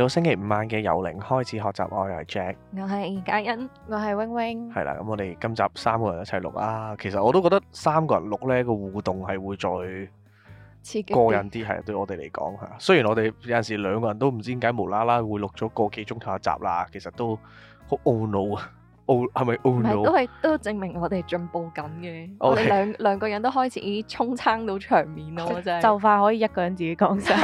到星期五晚嘅由零開始學習，我係 Jack，我係嘉欣，我係 wing wing，係啦，咁我哋今集三個人一齊錄啦。其實我都覺得三個人錄呢個互動係會再刺激、過癮啲，係對我哋嚟講。雖然我哋有陣時兩個人都唔知點解無啦啦會錄咗個幾鐘頭一集啦，其實都好懊惱啊！懊係咪懊惱？唔係都係都證明我哋進步緊嘅。我哋兩兩個人都開始沖撐到場面咯，我真係就快可以一個人自己講晒。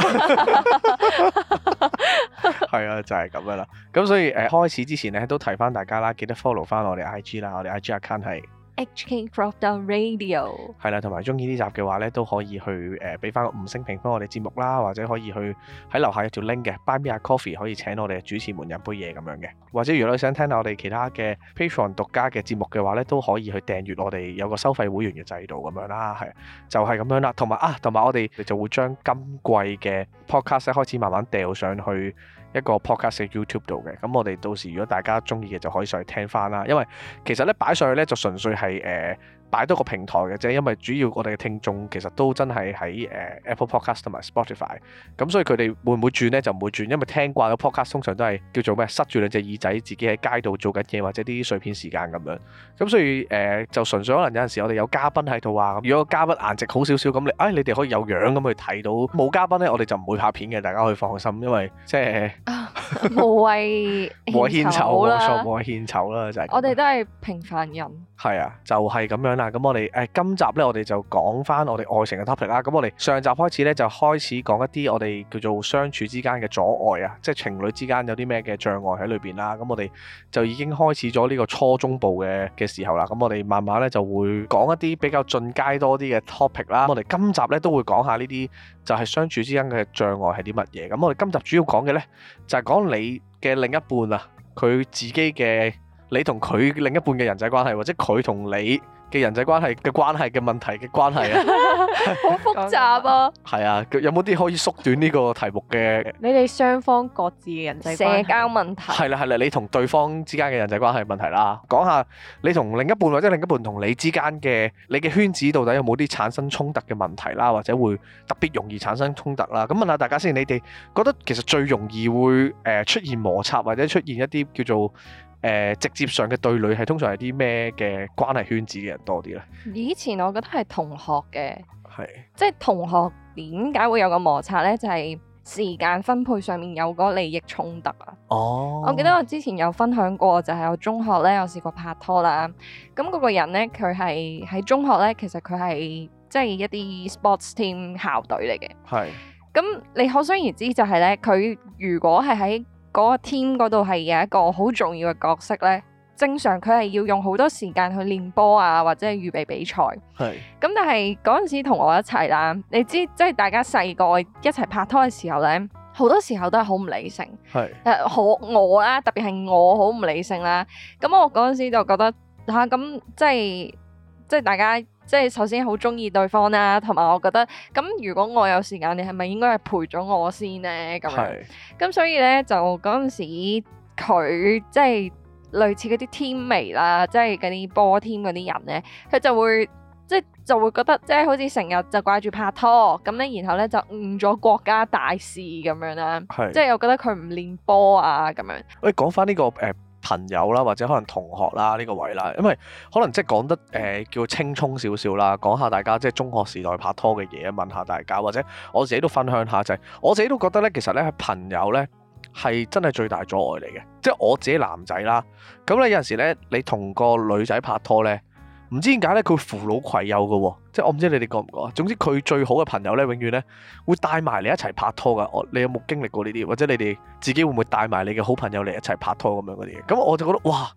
係啊，就係、是、咁樣啦。咁所以誒、呃，開始之前咧都提翻大家啦，記得 follow 翻我哋 I G 啦，我哋 I G account 係 hkcrop radio。係啦，同埋中意呢集嘅話咧，都可以去誒俾翻個五星評分我哋節目啦，或者可以去喺樓下有條 link 嘅 Buy me a coffee 可以請我哋嘅主持們飲杯嘢咁樣嘅。或者如果你想聽下我哋其他嘅 Patreon 獨家嘅節目嘅話咧，都可以去訂閱我哋有個收費會員嘅制度咁樣啦，係就係、是、咁樣啦。同埋啊，同埋我哋就會將今季嘅 podcast 呢開始慢慢掉上去。一個 podcast 喺 YouTube 度嘅，咁我哋到時如果大家鍾意嘅就可以上去聽返啦。因為其實咧擺上去咧就純粹係誒、呃擺多個平台嘅啫，因為主要我哋嘅聽眾其實都真係喺誒 Apple Podcast 同埋 Spotify，咁所以佢哋會唔會轉呢？就唔會轉，因為聽慣嘅 Podcast 通常都係叫做咩，塞住兩隻耳仔，自己喺街度做緊嘢或者啲碎片時間咁樣，咁所以誒、呃、就純粹可能有陣時我哋有嘉賓喺度話，如果嘉賓顏值好少少咁，你誒、哎、你哋可以有樣咁去睇到。冇嘉賓呢，我哋就唔會拍片嘅，大家可以放心，因為即係。Oh. 無謂無謂獻醜啦，冇錯了，無謂獻醜啦，就係、是。我哋都係平凡人。係啊，就係、是、咁樣啦。咁我哋誒、呃，今集呢，我哋就講翻我哋愛情嘅 topic 啦。咁我哋上集開始呢，就開始講一啲我哋叫做相處之間嘅阻礙啊，即係情侶之間有啲咩嘅障礙喺裏邊啦。咁我哋就已經開始咗呢個初中部嘅嘅時候啦。咁我哋慢慢呢，就會講一啲比較進階多啲嘅 topic 啦。我哋今集呢，都會講下呢啲就係相處之間嘅障礙係啲乜嘢。咁我哋今集主要講嘅呢，就係講。當你嘅另一半啊，佢自己嘅。你同佢另一半嘅人際關係，或者佢同你嘅人際關係嘅關係嘅問題嘅關係啊，好複雜啊！係啊，有冇啲可以縮短呢個題目嘅？ 你哋雙方各自嘅人際關係、 社交問題係啦係啦，你同對方之間嘅人際關係問題啦，講下你同另一半或者另一半同你之間嘅你嘅圈子到底有冇啲產生衝突嘅問題啦，或者會特別容易產生衝突啦？咁、啊、問下大家先，你哋覺得其實最容易會誒出現摩擦，或者出現一啲叫做？誒，直接上嘅對壘係通常係啲咩嘅關係圈子嘅人多啲咧？以前我覺得係同學嘅，係即係同學點解會有個摩擦咧？就係時間分配上面有個利益衝突啊！哦，我記得我之前有分享過，就係我中學咧，我試過拍拖啦。咁嗰個人咧，佢係喺中學咧，其實佢係即係一啲 sports team 校隊嚟嘅。係。咁你可想而知就係咧，佢如果係喺嗰個 team 嗰度係有一個好重要嘅角色咧，正常佢係要用好多時間去練波啊，或者係預備比賽。係是。咁但係嗰陣時同我一齊啦，你知即係大家細個一齊拍拖嘅時候咧，好多時候都係好唔理性。係是。誒、呃，可我啦，特別係我好唔理性啦。咁我嗰陣時就覺得吓，咁、啊、即係。即係大家，即係首先好中意對方啦，同埋我覺得，咁如果我有時間，你係咪應該係陪咗我先呢？咁樣，咁是所以咧就嗰陣時，佢即係類似嗰啲 teammate 啦，即係嗰啲波 team 嗰啲人咧，佢就會即係就會覺得，即係好似成日就掛住拍拖，咁咧然後咧就誤咗國家大事咁樣啦。是即係又覺得佢唔練波啊咁樣。喂，講翻呢個誒。呃朋友啦，或者可能同學啦，呢個位啦，因為可能即係講得誒、呃、叫青蔥少少啦，講下大家即係中學時代拍拖嘅嘢，問下大家，或者我自己都分享下，就係我自己都覺得咧，其實咧係朋友咧係真係最大阻礙嚟嘅，即係我自己男仔啦，咁你有陣時咧你同個女仔拍拖咧。唔知點解咧，佢扶老攜幼嘅喎，即係我唔知你哋覺唔覺。總之佢最好嘅朋友咧，永遠咧會帶埋你一齊拍拖噶。我，你有冇經歷過呢啲，或者你哋自己會唔會帶埋你嘅好朋友嚟一齊拍拖咁樣嗰啲？咁我就覺得哇！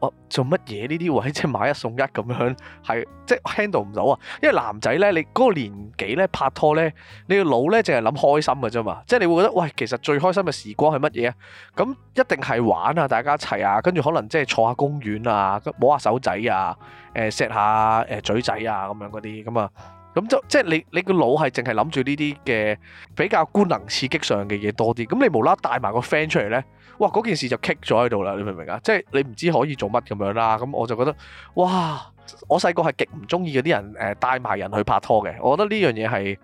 啊、做乜嘢呢啲位即係買一送一咁樣，係即係 handle 唔到啊！因為男仔咧，你嗰個年紀咧拍拖咧，你個腦咧淨係諗開心嘅啫嘛，即係你會覺得喂，其實最開心嘅時光係乜嘢啊？咁一定係玩啊，大家一齊啊，跟住可能即係坐下公園啊，摸下手仔啊，誒、呃，錫下誒嘴仔啊，咁樣嗰啲咁啊。咁就即係你，你個腦係淨係諗住呢啲嘅比較官能刺激上嘅嘢多啲。咁你無啦啦帶埋個 friend 出嚟呢？哇！嗰件事就 kick 咗喺度啦。你明唔明啊？即係你唔知可以做乜咁樣啦。咁我就覺得，哇！我細個係極唔中意嗰啲人誒帶埋人去拍拖嘅。我覺得呢樣嘢係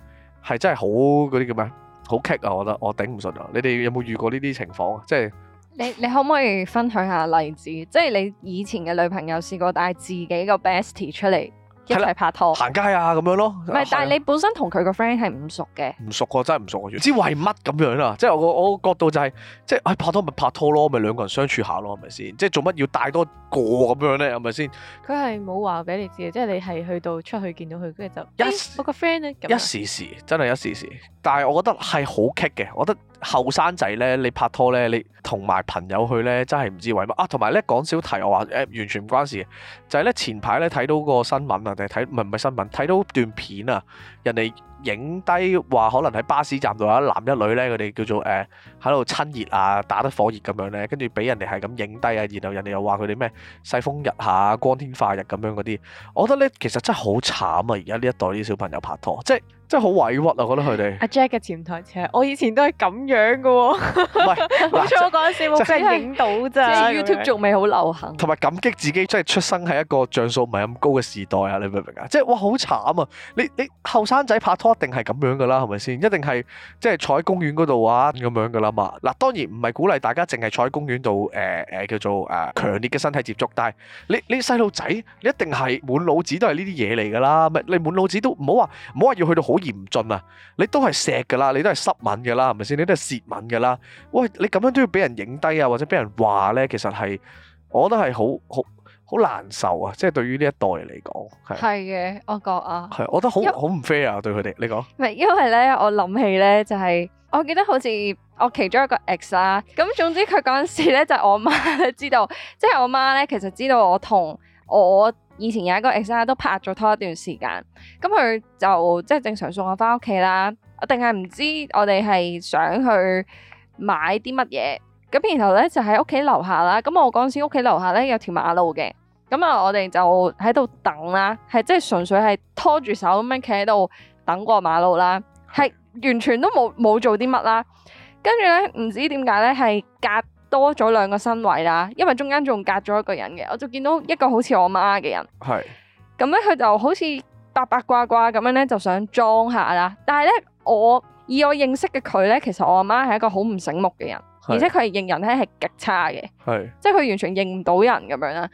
係真係好嗰啲叫咩？好 kick 啊！我覺得我頂唔順啊。你哋有冇遇過呢啲情況啊？即係你你可唔可以分享下例子？即係你以前嘅女朋友試過帶自己個 bestie 出嚟？一齊拍拖、行街啊咁樣咯，唔係不，是的 但係你本身同佢個 friend 係唔熟嘅，啊，唔熟個真係唔熟，唔知為乜咁樣啊！即係我個我個角度就係、是，即係、哎、拍拖咪拍拖咯，咪兩個人相處下咯，係咪先？即係做乜要帶多？個咁樣咧，係咪先？佢係冇話俾你知嘅，即係你係去到出去見到佢，跟住 Yes. 就、欸、我個 friend 咧。一時時真係一時時，但係我覺得係好激嘅。我覺得後生仔咧，你拍拖咧，你同埋朋友去咧，真係唔知為乜啊！同埋咧講小題，我話誒、呃、完全唔關事，就係、是、咧前排咧睇到個新聞啊，定係睇唔係新聞，睇到段片啊，人哋。影低話可能喺巴士站度有一男一女呢，佢哋叫做誒喺度親熱啊，打得火熱咁樣呢。跟住俾人哋係咁影低啊，然後人哋又話佢哋咩世風日下、光天化日咁樣嗰啲，我覺得呢，其實真係好慘啊！而家呢一代啲小朋友拍拖，即係。真係好委屈啊！覺得佢哋阿 Jack 嘅潛台詞，我以前都係咁樣㗎喎。唔係，好彩嗰陣時冇真係影到啫。YouTube 仲未好流行，同埋感激自己真係出生喺一個像素唔係咁高嘅時代啊！你明唔明啊？即係哇，好慘啊！你你後生仔拍拖一定係咁樣㗎啦，係咪先？一定係即係坐喺公園嗰度玩咁樣㗎啦嘛。嗱，當然唔係鼓勵大家淨係坐喺公園度誒誒叫做誒強烈嘅身體接觸，但係你你細路仔你一定係滿腦子都係呢啲嘢嚟㗎啦，咪你滿腦子都唔好話唔好話要去到好。好嚴峻啊！你都係錫噶啦，你都係濕吻噶啦，係咪先？你都係舌吻噶啦？喂，你咁樣都要俾人影低啊，或者俾人話咧？其實係，我覺得係好好好難受啊！即係對於呢一代嚟講，係係嘅，我覺啊，係，我覺得好好唔 fair 啊，對佢哋，你講。係，因為咧，我諗起咧，就係、是、我記得好似我其中一個 ex 啦。咁總之佢嗰陣時咧，就是、我媽知道，即、就、係、是、我媽咧，其實知道我同我。我以前有一個 ex 啊，都拍咗拖一段時間，咁佢就即係正常送我翻屋企啦。我定係唔知我哋係想去買啲乜嘢，咁然後咧就喺屋企樓下啦。咁我嗰陣時屋企樓下咧有條馬路嘅，咁啊我哋就喺度等啦，係即係純粹係拖住手咁樣企喺度等過馬路啦，係完全都冇冇做啲乜啦。跟住咧唔知點解咧係隔多咗兩個身位啦，因為中間仲隔咗一個人嘅，我就見到一個好似我媽嘅人。係咁咧，佢就好似八八卦卦咁樣咧，就想裝下啦。但係咧，我以我認識嘅佢咧，其實我阿媽係一個好唔醒目嘅人，是而且佢係認人咧係極差嘅，是即係佢完全認唔到人咁樣啦。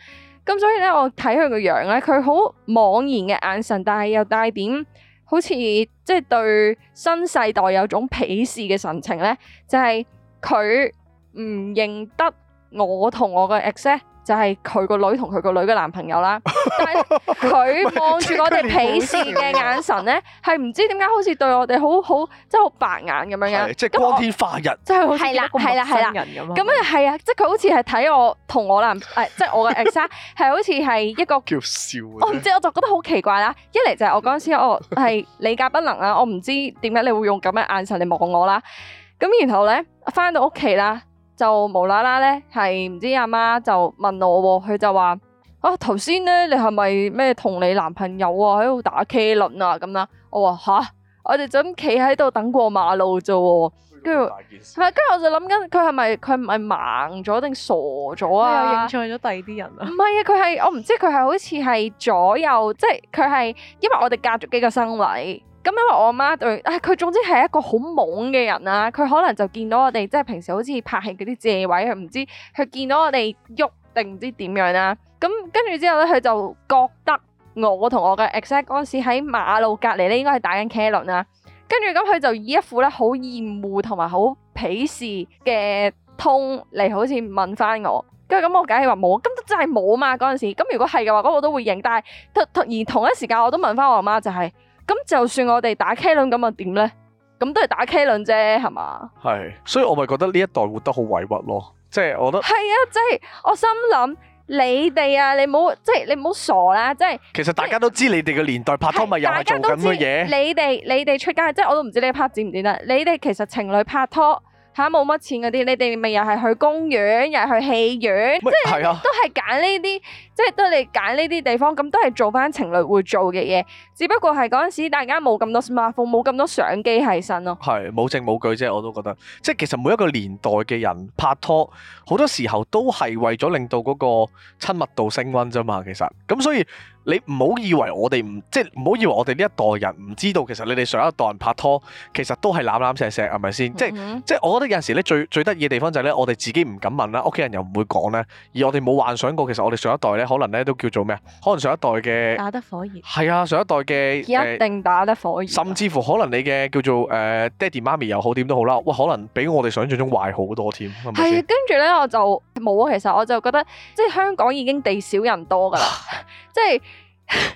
咁所以咧，我睇佢個樣咧，佢好茫然嘅眼神，但係又帶點好似即係對新世代有種鄙視嘅神情咧，就係佢。唔認得我同我嘅 ex，就係佢個女同佢個女嘅男朋友啦。 但係佢望住我哋鄙視嘅眼神咧，係唔 知點解好似對我哋好好，即係好白眼咁樣樣。即係光天化日、就是，即係好係啦，係啦，係啦。咁啊係啊，即係佢好似係睇我同我男，即係我嘅 ex，係好似係一個叫笑。我唔知，我就覺得好奇怪啦。一嚟就係我嗰陣時我，我係理解不能啦。我唔知點解你會用咁嘅眼神嚟望我啦。咁然後咧，翻到屋企啦。就無啦啦咧，係唔知阿媽就問我，佢就話：啊，頭先咧，你係咪咩同你男朋友喺度打茄輪啊？咁啦，啊嗯，我話吓，我哋就咁企喺度等過馬路啫，啊。跟住，嗯，係跟住我就諗緊，佢係咪佢唔係盲咗定傻咗啊？認錯咗第二啲人啊？唔係啊，佢係我唔知佢係好似係左右，即係佢係，因為我哋隔咗幾個身位。咁、嗯、因為我媽對，啊佢總之係一個好懵嘅人啦、啊，佢可能就見到我哋即係平時好似拍戲嗰啲借位，佢唔知佢見到我哋喐定唔知點樣啦、啊。咁跟住之後咧，佢就覺得我同我嘅 ex 嗰陣喺馬路隔離咧，應該係打緊茄輪啦、啊。跟住咁佢就以一副好厭惡同埋好鄙視嘅 tone 嚟好似問翻我。跟住咁我梗係話冇，咁都真係冇嘛嗰時。咁如果係嘅話，咁、那、我、個、都會認。但係突同而同一時間，我都問翻我媽就係、是。咁就算我哋打茄輪咁又點咧？咁都係打茄輪啫，係嘛？係，所以我咪覺得呢一代活得好委屈咯。即係我覺得係啊，即係我心諗你哋啊，你唔好即係你唔好傻啦，即係。其實大家都知你哋嘅年代拍拖咪是又係做咁嘅嘢。你哋你哋出街即係我都唔知呢一拍子唔點啦。你哋其實情侶拍拖。吓冇乜錢嗰啲，你哋咪又係去公園，又係去戲院，即係都係揀呢啲，即係都係你揀呢啲地方，咁都係做翻情侶會做嘅嘢，只不過係嗰陣時大家冇咁多 smartphone，冇咁多相機喺身咯。係冇證冇據啫，我都覺得，即係其實每一個年代嘅人拍拖，好多時候都係為咗令到嗰個親密度升溫啫嘛，其實咁所以。你唔好以為我哋唔即係唔好以為我哋呢一代人唔知道，其實你哋上一代人拍拖，其實都係攬攬錫錫，係咪先？即係即係，我覺得有陣時咧最最得意嘅地方就係咧，我哋自己唔敢問啦，屋企人又唔會講咧，而我哋冇幻想過，其實我哋上一代咧可能咧都叫做咩啊？可能上一代嘅打得火熱，係啊，上一代嘅一定打得火熱，甚至乎可能你嘅叫做誒、呃，爹哋媽咪又好，點都好啦，喂，可能比我哋想象中壞好多添。係啊，跟住咧我就冇啊，其實我就覺得即係香港已經地少人多噶啦。 即係、就是、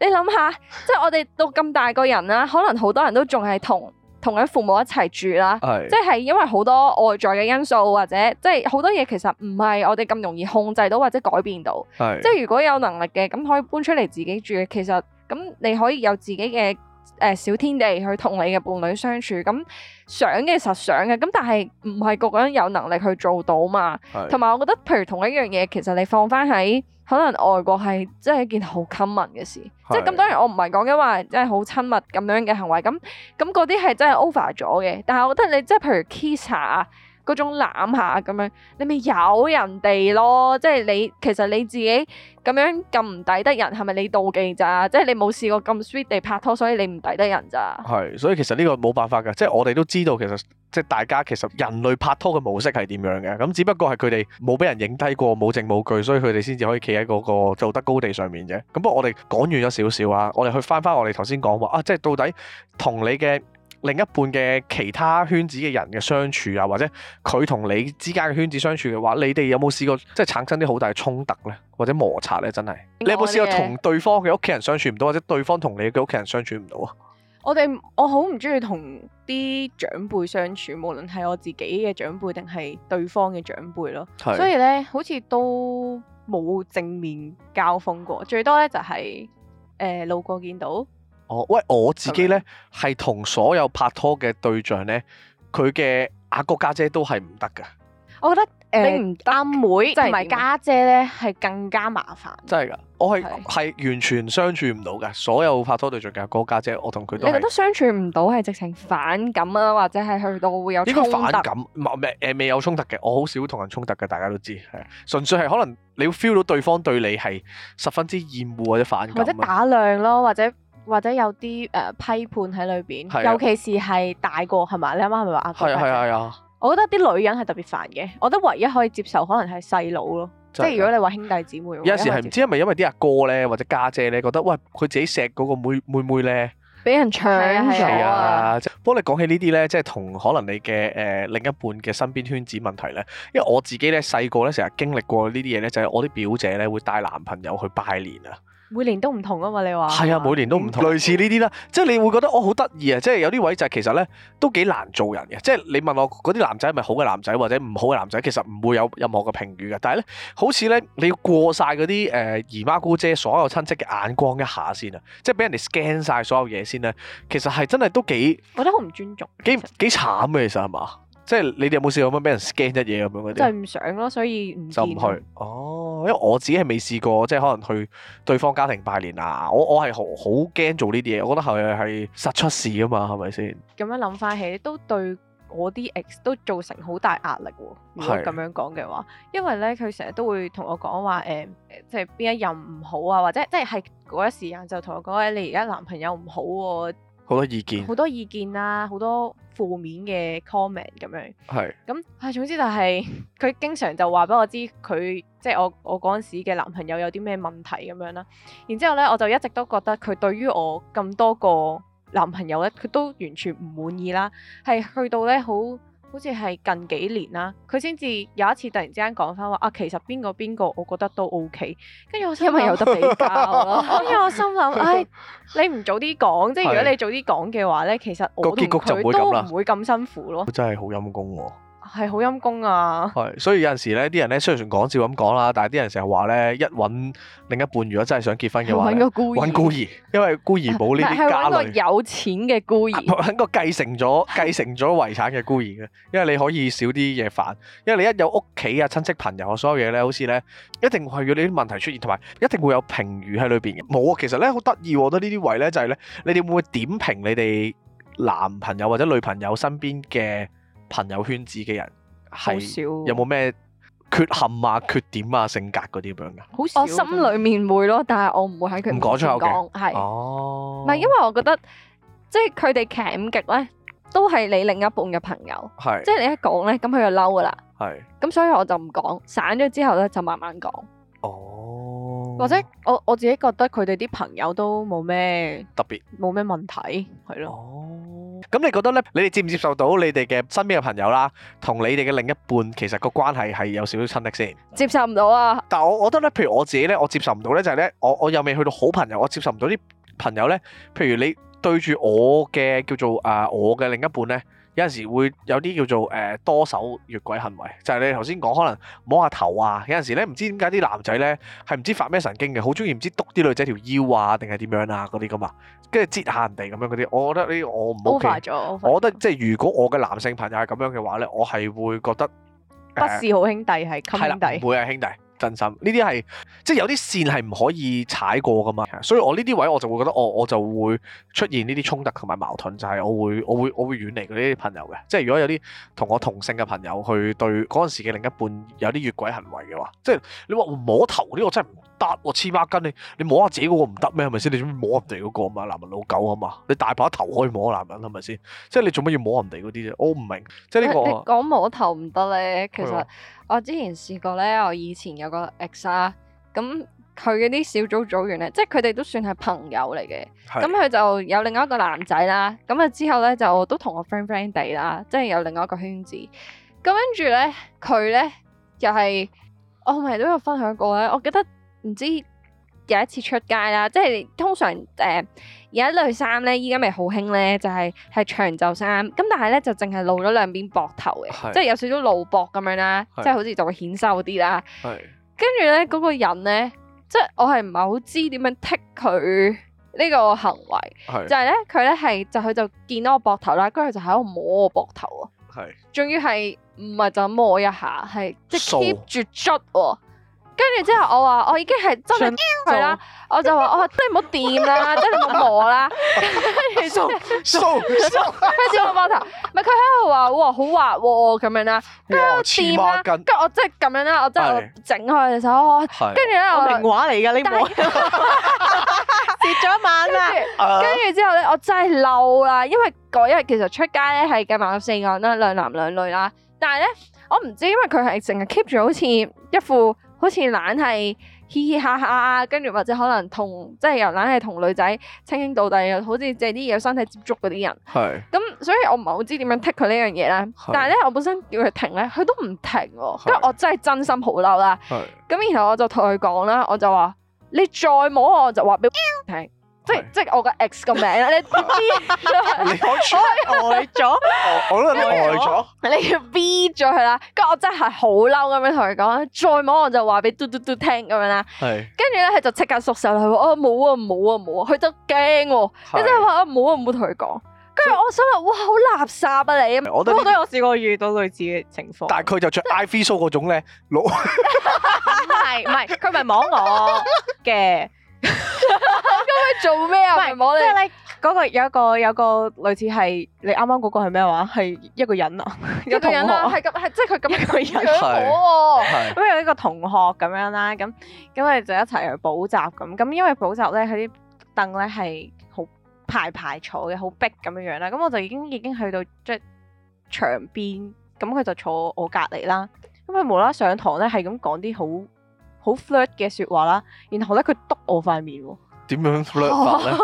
你諗下，即、就、係、是、我哋到咁大個人啦， 可能好多人都仲係同同佢父母一齊住啦。即係是因為好多外在嘅因素或者即係好多嘢，其實唔係我哋咁容易控制到或者改變到。即係是如果有能力嘅，咁可以搬出嚟自己住。其實咁你可以有自己嘅誒、呃、小天地去同你嘅伴侶相處。咁想嘅實想嘅，咁但係唔係個個人有能力去做到嘛。同埋是我覺得，譬如同一樣嘢，其實你放翻喺。可能外國係真係一件好 common 嘅事，是即咁當然我唔係講因為真係好親密咁樣嘅行為，咁咁嗰啲係真係 over 咗嘅。但係我覺得你即係譬如 kiss 啊。嗰種攬下咁樣，你咪由人哋咯！即係你其實你自己咁樣咁唔抵得人，係咪你妒忌咋？即係你冇試過咁 sweet 地拍拖，所以你唔抵得人咋？係，所以其實呢個冇辦法嘅，即係我哋都知道其實即係大家其實人類拍拖嘅模式係點樣嘅。咁只不過係佢哋冇俾人影低過，冇證冇據，所以佢哋先至可以企喺嗰個道德高地上面啫。咁不過我哋講完咗少少啊，我哋去翻翻我哋頭先講話啊，即係到底同你嘅，另一半嘅其他圈子嘅人嘅相處啊，或者佢同你之間嘅圈子相處嘅話，你哋有冇試過即係產生啲好大衝突咧，或者摩擦咧？真係的你有冇試過同對方嘅屋企人相處唔到，或者對方同你嘅屋企人相處唔到啊？我哋我好唔中意同啲長輩相處，無論係我自己嘅長輩定係對方嘅長輩咯。是所以咧，好似都冇正面交鋒過，最多咧就係、是、誒、呃、路過見到。哦，喂！我自己咧係同所有拍拖嘅對象咧，佢嘅阿哥家姐都係唔得噶。我覺得誒，唔阿妹同埋家姐咧係更加麻煩。真係噶，我係係是完全相處唔到噶。所有拍拖對象嘅阿哥家姐，我同佢都你覺得相處唔到，係直情反感啊，或者係去到會有衝突，反感，誒、呃、未有衝突嘅。我好少同人衝突嘅，大家都知係純粹係可能你會 feel 到對方對你係十分之厭惡或者反感，或者打量咯，或者。或者有啲誒、呃、批判喺裏邊，的尤其是係大個係嘛？你啱啱阿媽係咪話？係啊係啊係啊！我覺得啲女人係特別煩嘅。我覺得唯一可以接受可能係細佬咯，即係如果你話兄弟姊妹。有時係唔知係咪因為啲阿哥咧或者家姐咧覺得，喂佢自己錫嗰個妹妹妹咧，俾人搶咗。不過的你講起呢啲咧，即係同可能你嘅誒、呃、另一半嘅身邊圈子問題咧，因為我自己咧細個咧成日經歷過呢啲嘢咧，就係、是、我啲表姐咧會帶男朋友去拜年啊。每年都唔同啊嘛，你話係啊，每年都唔同，類似呢啲啦，嗯、即係你會覺得哦好得意啊，即係有啲位就係其實呢，都幾難做人嘅，即係你問我嗰啲男仔係咪好嘅男仔或者唔好嘅男仔，其實唔會有任何嘅評語嘅，但係呢，好似呢，你要過晒嗰啲誒姨媽姑姐所有親戚嘅眼光一下先啊，即係俾人哋 scan 晒所有嘢先咧，其實係真係都幾，我覺得好唔尊重，幾幾慘嘅其實係嘛？即係你哋有冇試過乜俾人 scan 一嘢咁樣嗰啲？就唔想咯，所以唔就唔去哦。因為我自己係未試過，即係可能去對方家庭拜年啊。我我係好好驚做呢啲嘢，我覺得後日係實出事啊嘛，係咪先？咁樣諗翻起都對我啲 x 都造成好大壓力喎。如果咁樣講嘅話，是因為咧佢成日都會同我講話誒，即係邊一任唔好啊，或者即係係嗰一時間就同我講咧，你而家男朋友唔好喎，啊。好多意見，好多意見啦，好多負面嘅 comment 咁樣。係。咁唉，總之就係，佢經常就話俾我知佢即係我我嗰陣時嘅男朋友有啲咩問題咁樣啦。然之後咧，我就一直都覺得佢對於我咁多個男朋友咧，佢都完全唔滿意啦，係去到咧好。好似係近幾年啦，佢先至有一次突然之間講翻話啊，其實邊個邊個，我覺得都 OK。跟住我心因為有得比較咯，因為 我心諗，唉、哎，你唔早啲講，即係如果你早啲講嘅話咧，的其實我同佢都唔會咁辛苦囉。真係好陰功喎。係好陰公啊！係，所以有陣時咧，啲人咧雖然講笑咁講啦，但係啲人成日話咧，一揾另一半，如果真係想結婚嘅話，揾個孤兒，揾孤兒，因為孤兒冇呢啲家累，係揾個有錢嘅孤兒，揾、啊、個繼承咗繼承咗遺產嘅孤兒嘅，因為你可以少啲嘢煩，因為你一有屋企啊、親戚朋友啊、所有嘢咧，好似咧一定會有呢啲問題出現，同埋一定會有評語喺裏邊嘅。冇啊，其實咧好得意，我覺得呢啲位咧就係咧，你哋會唔會點評你哋男朋友或者女朋友身邊嘅？朋友圈子嘅人係有冇咩缺陷啊、缺點啊、性格嗰啲咁樣嘅？好少，我心裏面會咯，但係我唔會喺佢面前講。係、okay. 是哦，唔係因為我覺得即係佢哋僉極咧，都係你另一半嘅朋友，係是即係你一講咧，咁佢就嬲噶啦。係咁是，所以我就唔講，散咗之後咧就慢慢講。哦，或者我我自己覺得佢哋啲朋友都冇咩特別，冇咩問題，係咯。哦。咁你覺得咧，你哋接唔接受到你哋嘅身邊嘅朋友啦、啊，同你哋嘅另一半，其實個關係係有少少親的先？接受唔到啊！但係我我覺得咧，譬如我自己咧，我接受唔到咧，就係咧，我我又未去到好朋友，我接受唔到啲朋友咧，譬如你對住我嘅叫做啊、呃，我嘅另一半咧。有陣時會有啲叫做誒多手越軌行為，就係、是、你頭先講可能摸下頭啊。有陣時咧唔知點解啲男仔咧係唔知發咩神經嘅，好中意唔知篤啲女仔條腰啊定係點樣啊嗰啲咁啊，跟住擠下人哋咁樣嗰啲。我覺得呢，我唔好。Over 咗。我覺得即係如果我嘅男性朋友係咁樣嘅話咧，我係會覺得、呃、不是好兄弟，係襟兄弟，唔會係兄弟。真心呢啲係即係有啲線係唔可以踩過噶嘛，所以我呢啲位我就會覺得我、哦、我就會出現呢啲衝突同埋矛盾，就係、是、我會我會我會遠離呢啲朋友嘅。即係如果有啲同我同性嘅朋友去對嗰陣時嘅另一半有啲越軌行為嘅話，即係你話摸頭呢、這個真。得我黐孖筋，你你摸下自己嗰個唔得咩？係咪先？你做乜摸人哋嗰個啊嘛，男人老狗啊嘛，你大把頭可以摸男人，係咪先？即係你做乜要摸人哋嗰啲啫？我唔明。即係呢個你講摸頭唔得咧，其實我之前試過咧，我以前有個 ex 啦，咁佢嗰啲小組組員咧，即係佢哋都算係朋友嚟嘅。咁佢就有另外一個男仔啦，咁啊之後咧就都同我 friend friend 哋啦，即係有另外一個圈子。咁跟住咧，佢咧又係我係咪都有分享過咧，我記得。唔知有一次出街啦，即、就、係、是、通常誒、呃、有一類衫咧，依家咪好興咧，就係、是、係長袖衫。咁但係咧就淨係露咗兩邊膊頭嘅，即係是有少少露膊咁樣啦，即係是好似就會顯瘦啲啦。係跟住咧嗰個人咧，即、就、係、是、我係唔係好知點樣剔佢呢個行為？係是就係咧，佢咧係就佢就見到我膊頭啦，跟住佢就喺度摸我膊頭啊。係仲是要係唔係就摸一下，係即係 keep 住捽喎。就是 跟住之後，我話我已經係真係啦，我就話我真係唔好掂啦，真係唔好摸啦。收收收！佢叫我摸頭，唔係佢喺度話哇好滑喎咁樣啦，跟住我掂啦，跟住我真係咁樣啦，我真係整開佢手，跟住咧我名畫嚟噶呢部，跌咗一晚啦。跟住之後咧，我真係嬲啦，因為嗰日其實出街咧係嘅，萬有四個人啦，兩男兩女啦，但係呢，我唔知，因為佢係淨係 keep 住好似一副。好似懶係嘻嘻哈哈，跟住或者可能同即係又懶係同女仔卿卿到底，又好似借啲嘢身體接觸嗰啲人。係是。咁所以我，我唔係好知點樣剔佢呢樣嘢咧。但係咧，我本身叫佢停咧，佢都唔停喎、哦。跟住是我真係真心好嬲啦。咁是然後我就同佢講啦，我就話：你再摸我，我就話俾佢聽。即係即係我個 x 個名啦，你 B 咗，我呆咗，我我都呆咗，你 B 咗佢啦。跟住我真係好嬲咁樣同佢講，再摸我就話俾嘟嘟嘟聽咁樣啦。係。跟住咧，佢就即刻縮手啦。佢話：哦冇啊冇啊冇啊！佢都驚喎，佢真係話：啊冇啊冇！同佢講。跟住我心諗：哇，好垃圾啊你！我都有我試過遇到類似嘅情況。但係佢就着 ivy so 嗰種咧，攞。唔係唔係，佢唔係摸我嘅。咁佢做咩啊？唔即係你嗰個有一個有一個類似係你啱啱嗰個係咩話？係一個人啊， 一個同學係咁係，即係佢咁一個人哦、啊。咁、啊 嗯、有呢個同學咁樣啦，咁咁我哋就一齊去補習咁。咁因為補習咧，佢啲凳咧係好排排坐嘅，好逼咁樣樣啦。咁我就已經已經去到即係牆邊，咁、就、佢、是、就坐我隔籬啦。咁佢無啦啦上堂咧係咁講啲好。好 flirt 嘅説話啦，然後咧佢篤我塊面喎。點樣 flirt 法咧？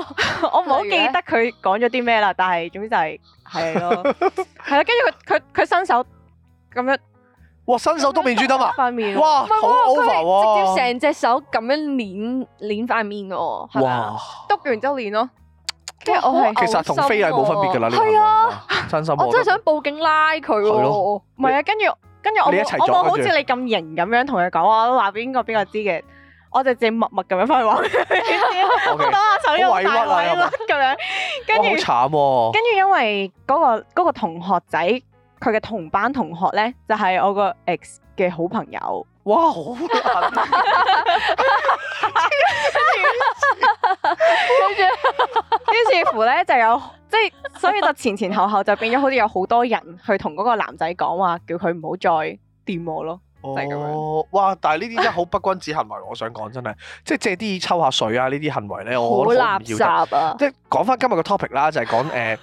我唔好記得佢講咗啲咩啦，但係總之就係係咯，係啦。跟住佢佢佢伸手咁樣。哇！伸手都面豬得啊！塊面。哇！好 over 喎。直接成隻手咁樣捻，捻塊面嘅喎。哇！篤完之後捻咯。跟住我係。其實同飛嗌冇分別㗎啦呢係啊！真心。我真係想報警拉佢喎。係咯。唔係啊，跟住。跟住後我誰誰，我冇好似你咁型咁樣同佢講，我話邊個邊個知嘅，我就直接默默咁樣翻去話，攞 Okay. 我手錶戴埋啦咁樣。我好慘喎！跟住後、啊、因為嗰、那個那個同學仔，佢嘅同班同學咧，就係、是、我個 ex 嘅好朋友。哇！好難。 跟住，於是乎咧就有即係，所以就前前後後就變咗，好似有好多人去同嗰個男仔講話，叫佢唔好再掂我咯，就係咁樣。哦，哇！但係呢啲真係好不君子行為， 我想講真係，即係借啲抽下水啊呢啲行為咧，我好垃圾啊！即係講翻今日個 topic 啦，就係講誒，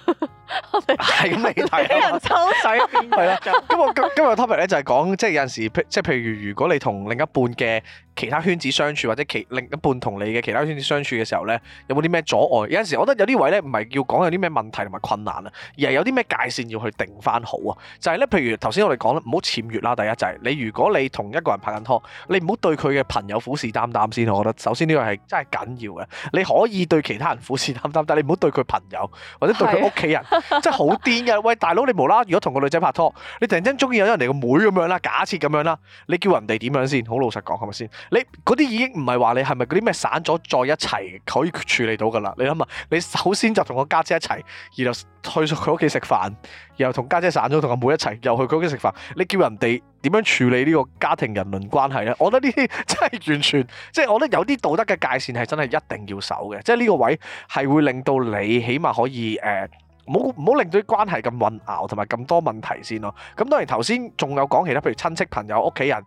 係咁你睇啊？人抽水係啦， 今日今今日個 topic 咧就係講，即係有陣時，即係譬如如果你同另一半嘅其他圈子相處或者其另一半同你嘅其他圈子相處嘅時候呢，有冇啲咩阻礙？有陣時，我覺得有啲位呢，唔係要講有啲咩問題同埋困難啊，而係有啲咩界線要去定翻好啊。就係呢，譬如頭先我哋講啦，唔好僭越啦。第一就係你，如果你同一個人拍緊拖，你唔好對佢嘅朋友虎視眈眈先。我覺得首先呢個係真係緊要嘅。你可以對其他人虎視眈眈，但你唔好對佢朋友或者對佢屋企人，真係好癲嘅。喂，大佬，你無啦，如果同個女仔拍拖，你突然間中意有人哋個妹咁樣啦，假設咁樣啦，你叫人哋點樣先？好老實講係咪先？你嗰啲已經唔係話你係咪嗰啲咩散咗再一齊可以處理到㗎喇？你諗下，你首先就同我家姐一齊，然後去佢屋企食飯，然後同家姐散咗，同阿妹一齊又去佢屋企食飯。你叫人哋點樣處理呢個家庭人倫關係咧？我覺得呢啲真係完全，即係我覺得有啲道德嘅界線係真係一定要守嘅。即係呢個位係會令到你起碼可以誒，唔好、呃、唔好令到啲關係咁混淆同埋咁多問題先咯。咁當然頭先仲有講其他，譬如親戚朋友、屋企人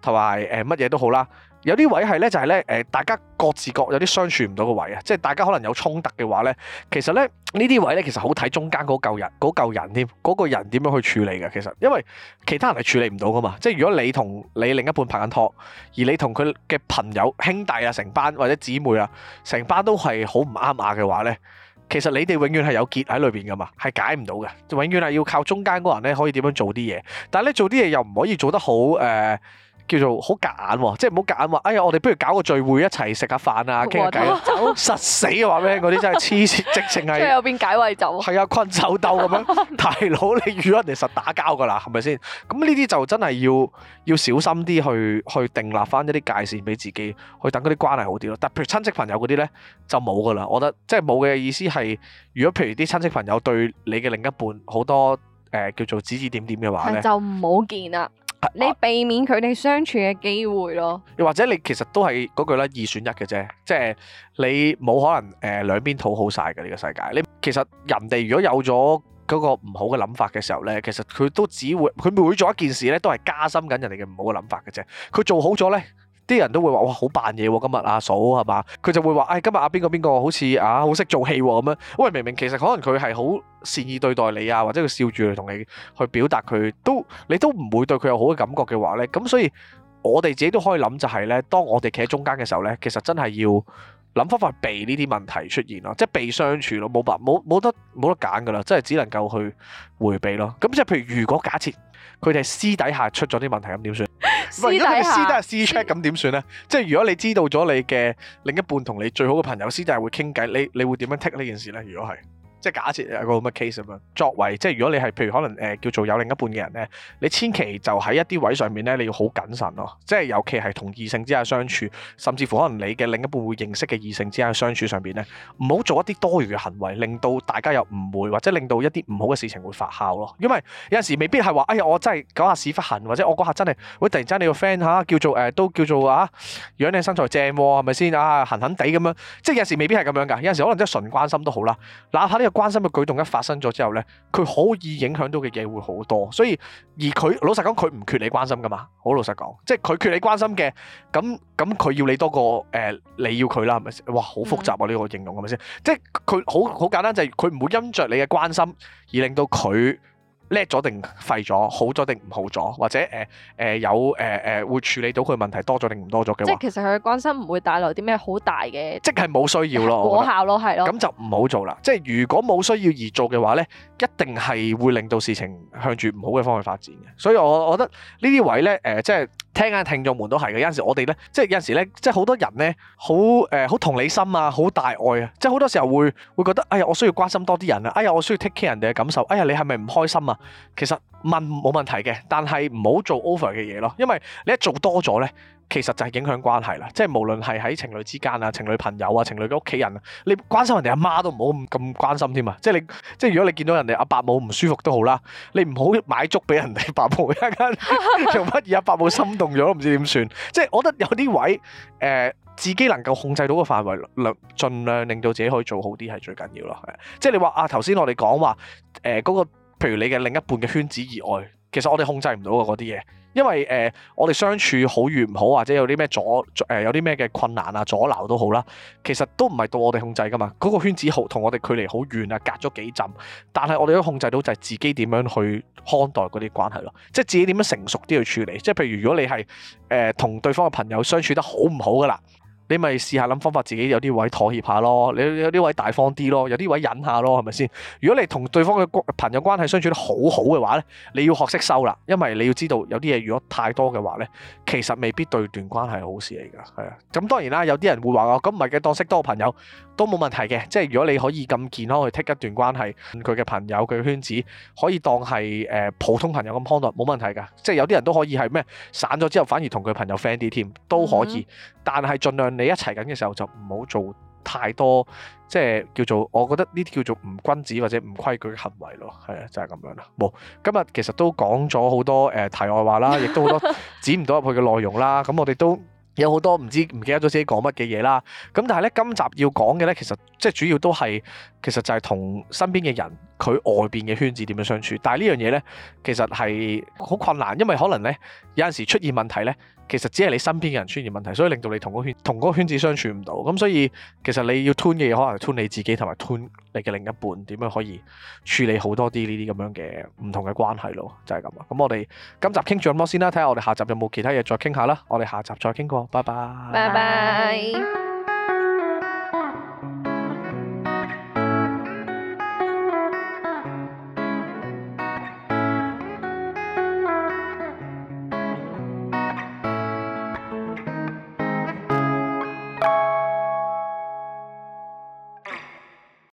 同埋誒乜嘢都好啦。有啲位係咧，就係咧，誒，大家各自各有啲相處唔到嘅位啊，即係大家可能有衝突嘅話咧，其實咧，呢啲位咧、那個，其實好睇中間嗰嚿人，嗰嚿人添，嗰個人點樣去處理嘅，其實，因為其他人係處理唔到噶嘛，即係如果你同你另一半拍緊拖，而你同佢嘅朋友、兄弟啊、成班或者姊妹啊，成班都係好唔啱，啊嘅話咧，其實你哋永遠係有結喺裏邊噶嘛，係解唔到嘅，就永遠係要靠中間嗰人咧，可以點樣做啲嘢，但係咧做啲嘢又唔可以做得好，誒、呃。叫做好夾喎，即係唔好夾眼，哎呀，我哋不如搞個聚會一齊食下飯啊，傾下偈，實死話咩嗰啲真係黐線，直情係。即係有邊解圍走。係啊，坤手鬥咁樣， 大佬你與人哋實打交噶啦，係咪先？咁呢啲就真係要要小心啲去去訂立翻一啲界線俾自己，去等嗰啲關係好啲咯。但譬如親戚朋友嗰啲咧就冇噶啦，我覺得即係冇嘅意思係，如果譬如啲親戚朋友對你嘅另一半好多誒、呃、叫做指指點點嘅話咧，就唔好見啦。你避免佢哋相處嘅機會咯，又或者你其實都係嗰句啦，二選一嘅啫，即係你冇可能誒兩邊討好晒嘅呢個世界。你其實人哋如果有咗嗰個唔好嘅諗法嘅時候咧，其實佢都只會佢每做一件事咧，都係加深緊人哋嘅唔好嘅諗法嘅啫。佢做好咗咧。啲人都會話哇好扮嘢喎，今日阿嫂係嘛？佢就會話：，唉，今日阿邊個邊個好似啊好識做戲喎咁樣。喂，明明其實可能佢係好善意對待你啊，或者佢笑住嚟同你去表達佢都，你都唔會對佢有好嘅感覺嘅話呢。咁所以我哋自己都可以諗就係呢，當我哋企喺中間嘅時候呢，其實真係要諗方法避呢啲問題出現咯，即係避相處咯，冇辦，冇冇得冇得揀㗎啦，真係只能夠去回避咯。咁即係譬如如果假設佢哋私底下出咗啲問題，咁點算？如果你私得私 check 咁點算咧？呢 即係如果你知道咗你嘅另一半同你最好嘅朋友 私底下會傾偈，你，你會點樣 take 呢件事呢？如果係？即係假設有個咁嘅 case 咁樣，作為即係如果你係譬如可能誒、呃、叫做有另一半嘅人咧，你千祈就喺一啲位上面咧，你要好謹慎咯。即係尤其係同異性之間相處，甚至乎可能你嘅另一半會認識嘅異性之間相處上邊咧，唔好做一啲多餘嘅行為，令到大家有誤會，或者令到一啲唔好嘅事情會發酵咯。因為有陣時未必係話，哎呀，我真係講下屎忽痕，或者我嗰下真係喂，突然之間你個 friend 嚇、啊、叫做誒、啊、都叫做啊，養你身材正喎，係咪先啊，痕痕地咁樣，即係有時未必係咁樣㗎。有陣時可能真係純關心都好啦，嗱嚇呢。關心嘅舉動一發生咗之後呢，佢可以影響到嘅嘢會好多，所以而佢老實講，佢唔缺你關心噶嘛，好老實講，即係佢缺你關心嘅，咁咁佢要你多過誒、呃、你要佢啦，係咪先？哇，好複雜啊呢、這個形容。係咪先？即係佢好好簡單就係佢唔會因着你嘅關心而令到佢。叻咗定廢咗，好咗定唔好咗，或者誒誒有誒誒會處理到佢問題多咗定唔多咗嘅話？即係其實佢嘅關心唔會帶來啲咩好大嘅，即係冇需要咯，果效咯，係咯。咁就唔好做啦。即係如果冇需要而做嘅話咧，一定係會令到事情向住唔好嘅方向發展嘅。所以我覺得呢啲位咧誒，即係。聽緊聽眾們都係嘅，有陣時我哋呢，即係有陣時呢，即係好多人呢，好誒，好、呃、好同理心啊，好大愛啊，即係好多時候會會覺得，哎呀，我需要關心多啲人啊，哎呀，我需要 take care 人哋嘅感受，哎呀，你係咪唔開心啊？其實問冇問題嘅，但係唔好做 over 嘅嘢咯，因為你一做多咗呢。其實就係影響關係啦，即係無論係喺情侶之間啊、情侶朋友啊、情侶嘅屋企人啊，你關心人哋阿媽都唔好咁關心添啊！即係你，即係如果你見到人哋阿伯母唔舒服都好啦，你唔好買粥俾人哋伯母一間，做乜嘢阿伯母心動咗都唔知點算。 即係我覺得有啲位誒、呃，自己能夠控制到個範圍，盡量令到自己可以做好啲係最緊要咯。即係你話啊，頭先我哋講話誒嗰個，譬如你嘅另一半嘅圈子以外，其實我哋控制唔到啊嗰啲嘢。因為誒、呃，我哋相處好與唔好，或者有啲咩阻誒，有啲咩嘅困難啊、阻撓都好啦，其實都唔係到我哋控制噶嘛。嗰、嗰個圈子好，同我哋距離好遠啊，隔咗幾浸。但係我哋都控制到就係自己點樣去看待嗰啲關係咯，即係自己點樣成熟啲去處理。即係譬如如果你係誒同對方嘅朋友相處得好唔好噶啦。你咪試下諗方法，自己有啲位妥協下咯，你有啲位大方啲咯，有啲位忍下咯，係咪先？如果你同對方嘅朋友關係相處得好好嘅話呢，你要學識收啦，因為你要知道有啲嘢如果太多嘅話呢，其實未必對段關係好事嚟㗎，係啊。咁當然啦，有啲人會話我，咁唔係嘅，當識多個朋友。都冇問題嘅，即係如果你可以咁健康去 take 一段關係，佢嘅朋友佢嘅圈子可以當係誒、呃、普通朋友咁看待，冇問題㗎。即係有啲人都可以係咩散咗之後反而同佢朋友 friend 啲添，都可以。嗯、哼但係儘量你一齊緊嘅時候就唔好做太多，即係叫做我覺得呢啲叫做唔君子或者唔規矩嘅行為咯。係啊，就係、是、咁樣啦。冇，今日其實都講咗好多誒、呃、題外話啦，亦都好多剪唔到入去嘅內容啦。咁 我哋都。有好多唔知唔記得咗自己講乜嘅嘢啦，咁但係咧，今集要講嘅咧，其實即係主要都係其實就係同身邊嘅人。佢外邊嘅圈子點樣相處？但係呢樣嘢呢，其實係好困難，因為可能呢，有陣時出現問題呢，其實只係你身邊嘅人出現問題，所以令到你同嗰圈同個圈子相處唔到。咁所以其實你要 tune 嘅嘢，可能 tune 你自己同埋 tune 你嘅另一半，點樣可以處理好多啲呢啲咁樣嘅唔同嘅關係咯，就係咁啊。咁我哋今集傾住咁多先啦，睇下我哋下集有冇其他嘢再傾下啦。我哋下集再傾過，拜拜，拜拜。